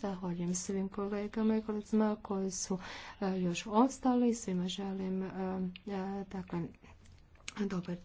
Zahvaljujem svim kolegama i kolegama koji su e, još ostali. Svima želim e, e, dakle, dobar te